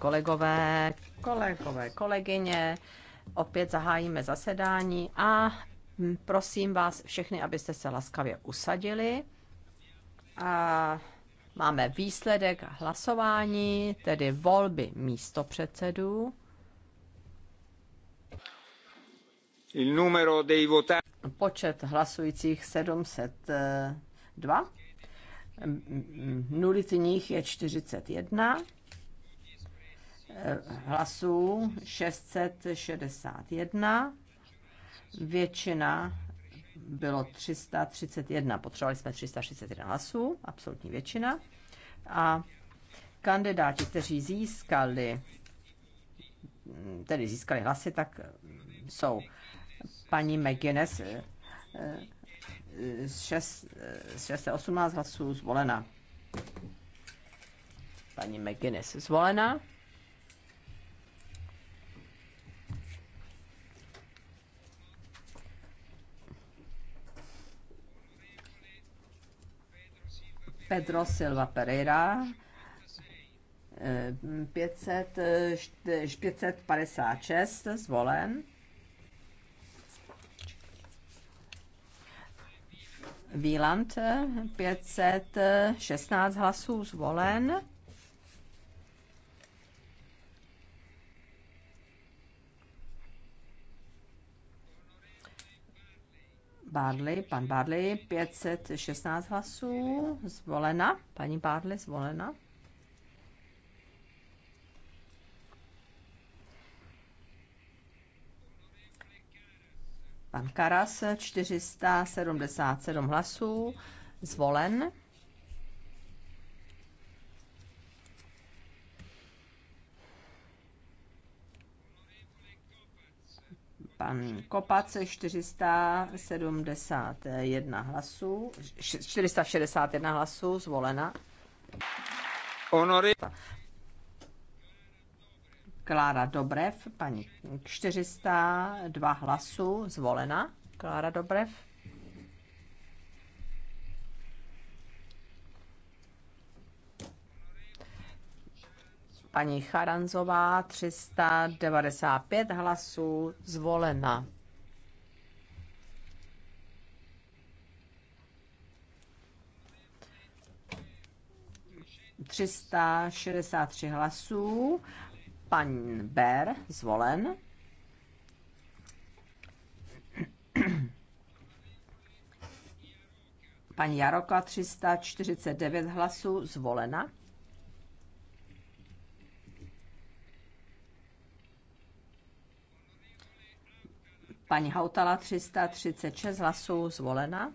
Kolegové, kolegové, kolegyně, opět zahájíme zasedání a prosím vás všechny, abyste se laskavě usadili. A máme výsledek hlasování, tedy volby místopředsedů. Il numero dei vota... Počet hlasujících 702 nich je 41 eh, hlasů 661, většina bylo 331, potřebovali jsme 331 hlasů, absolutní většina. A kandidáti, kteří získali, tedy získali hlasy, tak jsou paní McGuinness eh, 618 hlasů zvolena. Paní McGuinness zvolena. Pedro Silva Pereira 500, eh, 556 eh, eh, zvolen. Wieland 516 hlasů zvolen. Barley, pan Barley, 516 hlasů, zvolena, paní Barley, zvolena. pan Karas 477 hlasů zvolen. Pan Kopace 471 hlasů, 461 hlasů zvolena. Honory. Klára Dobrev, paní 402 hlasů, zvolena Klára Dobrev. Paní Charanzová 395 hlasů, zvolena. Třista šedesát tři hlasů pan Bér zvolen. Paní Jaroka 349 hlasů zvolena. Paní Hautala 336 hlasů zvolena.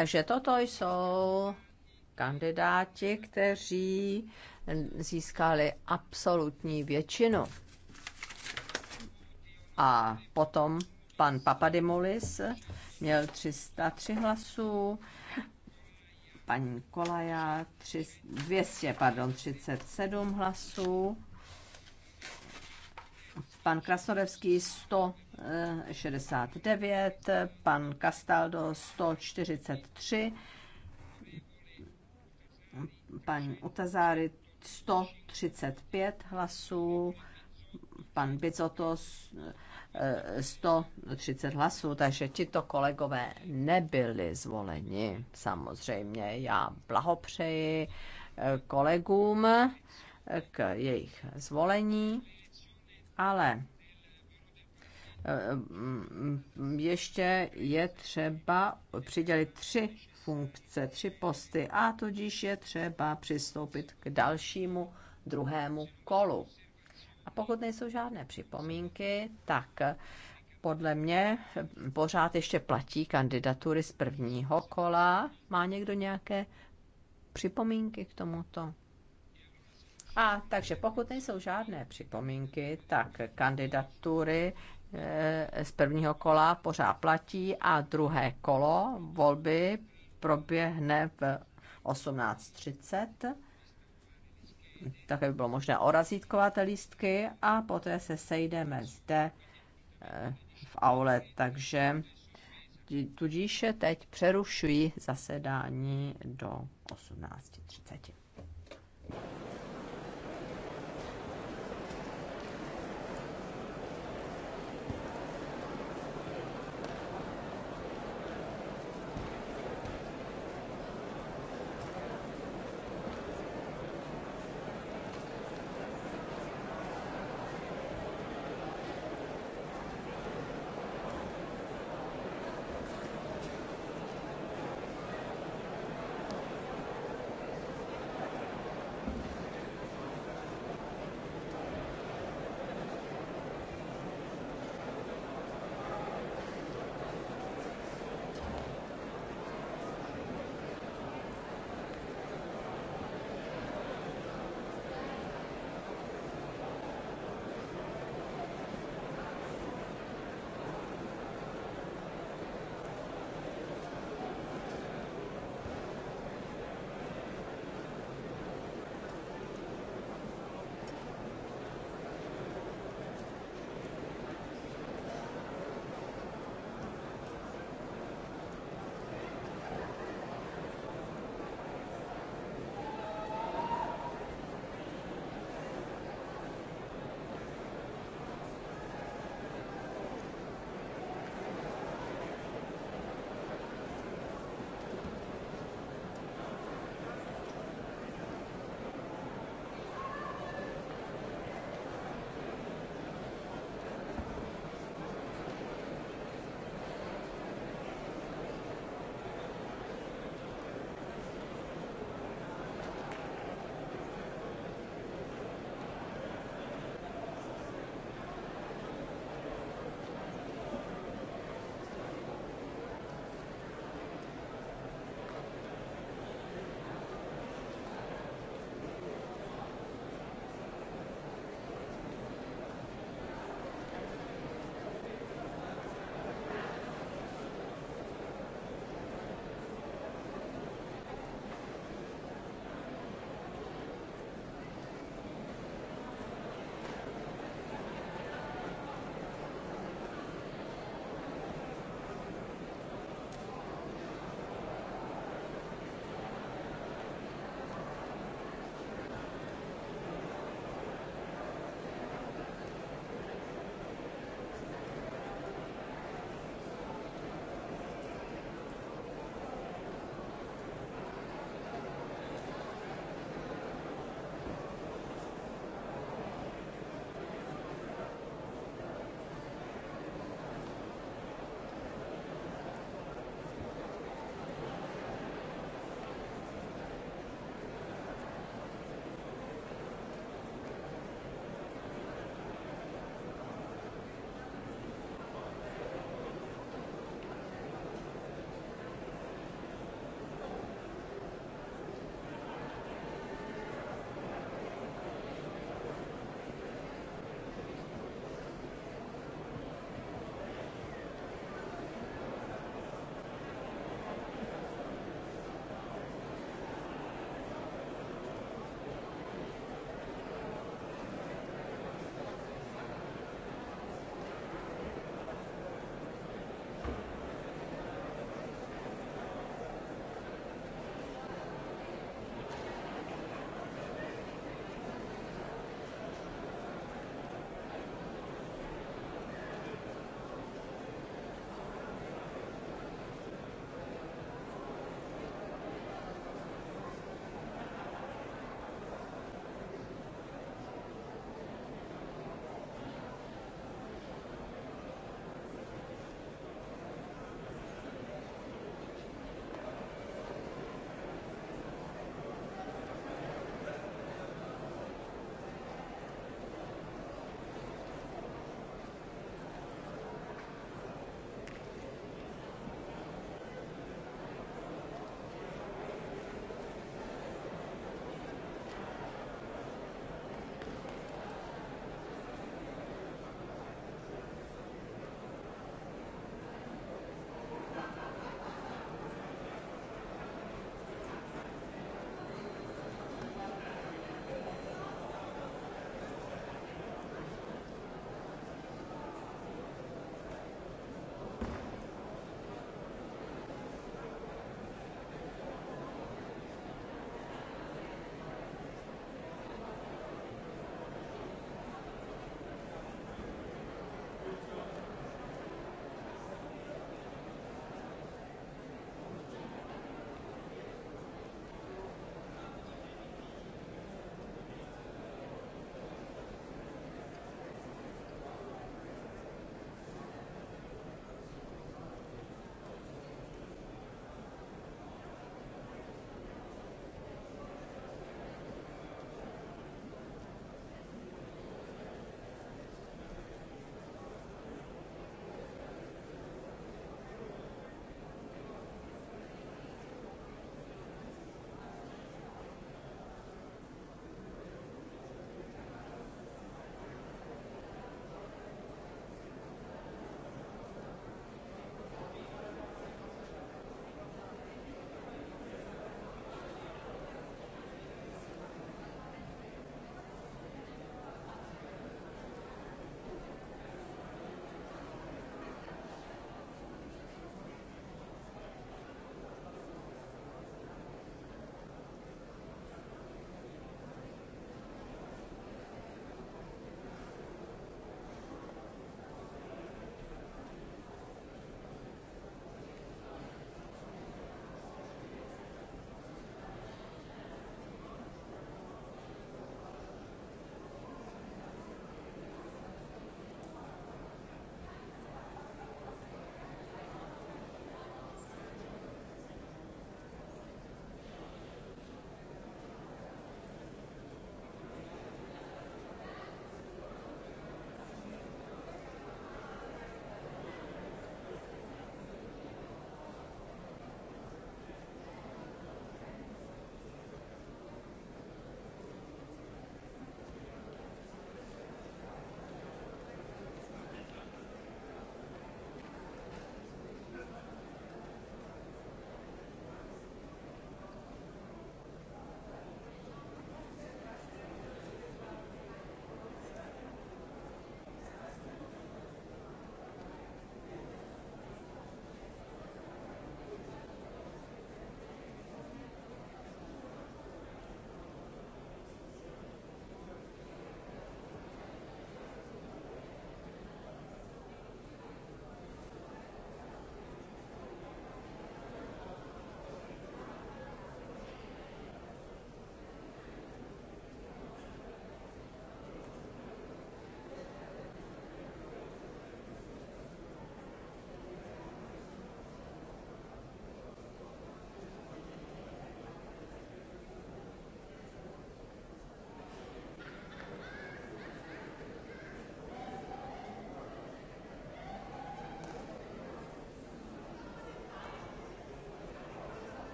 Takže toto jsou kandidáti, kteří získali absolutní většinu. A potom pan Papadimulis měl 303 hlasů, paní Kolaja 200, pardon, 37 hlasů, pan Krasnodevský 100 69, pan Castaldo 143, paní Utazáry 135 hlasů, pan Bizoto 130 hlasů, takže tito kolegové nebyli zvoleni. Samozřejmě já blahopřeji kolegům k jejich zvolení, ale Eh, eh, ještě je třeba přidělit tři funkce, tři posty a tudíž je třeba přistoupit k dalšímu druhému kolu. A pokud nejsou žádné připomínky, tak podle mě pořád ještě platí kandidatury z prvního kola. Má někdo nějaké připomínky k tomuto? A takže pokud nejsou žádné připomínky, tak kandidatury Eh, z prvního kola pořád platí a druhé kolo volby proběhne v 18.30, Také by bylo možné orazítkovat lístky a poté se sejdeme zde eh, v aule, takže tudíž teď přerušuji zasedání do 18.30.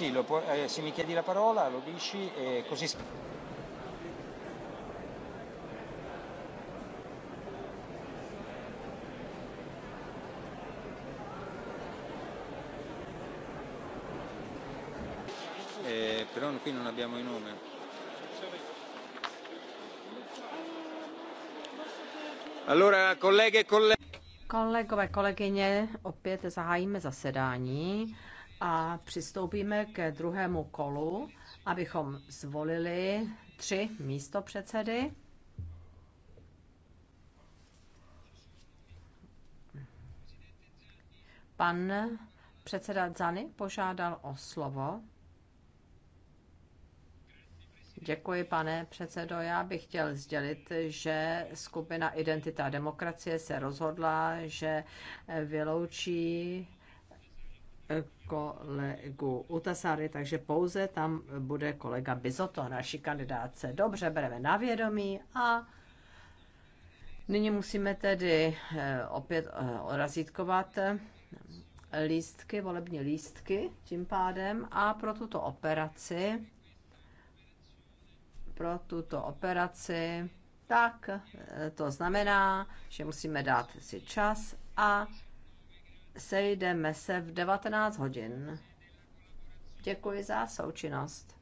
sì, lo può, eh, se mi chiedi la parola lo dici e così. Eh, però qui non abbiamo i nomi. Allora, colleghe e colleghi. Kolegové, kolegyně, opět zahájíme zasedání a přistoupíme ke druhému kolu, abychom zvolili tři místopředsedy. Pan předseda Zany požádal o slovo. Děkuji, pane předsedo. Já bych chtěl sdělit, že skupina Identita a demokracie se rozhodla, že vyloučí kolegu Utasary, takže pouze tam bude kolega Bizoto, naší kandidáce. Dobře, bereme na vědomí a nyní musíme tedy eh, opět eh, razítkovat eh, lístky, volební lístky tím pádem a pro tuto operaci pro tuto operaci, tak to znamená, že musíme dát si čas a sejdeme se v 19 hodin. Děkuji za součinnost.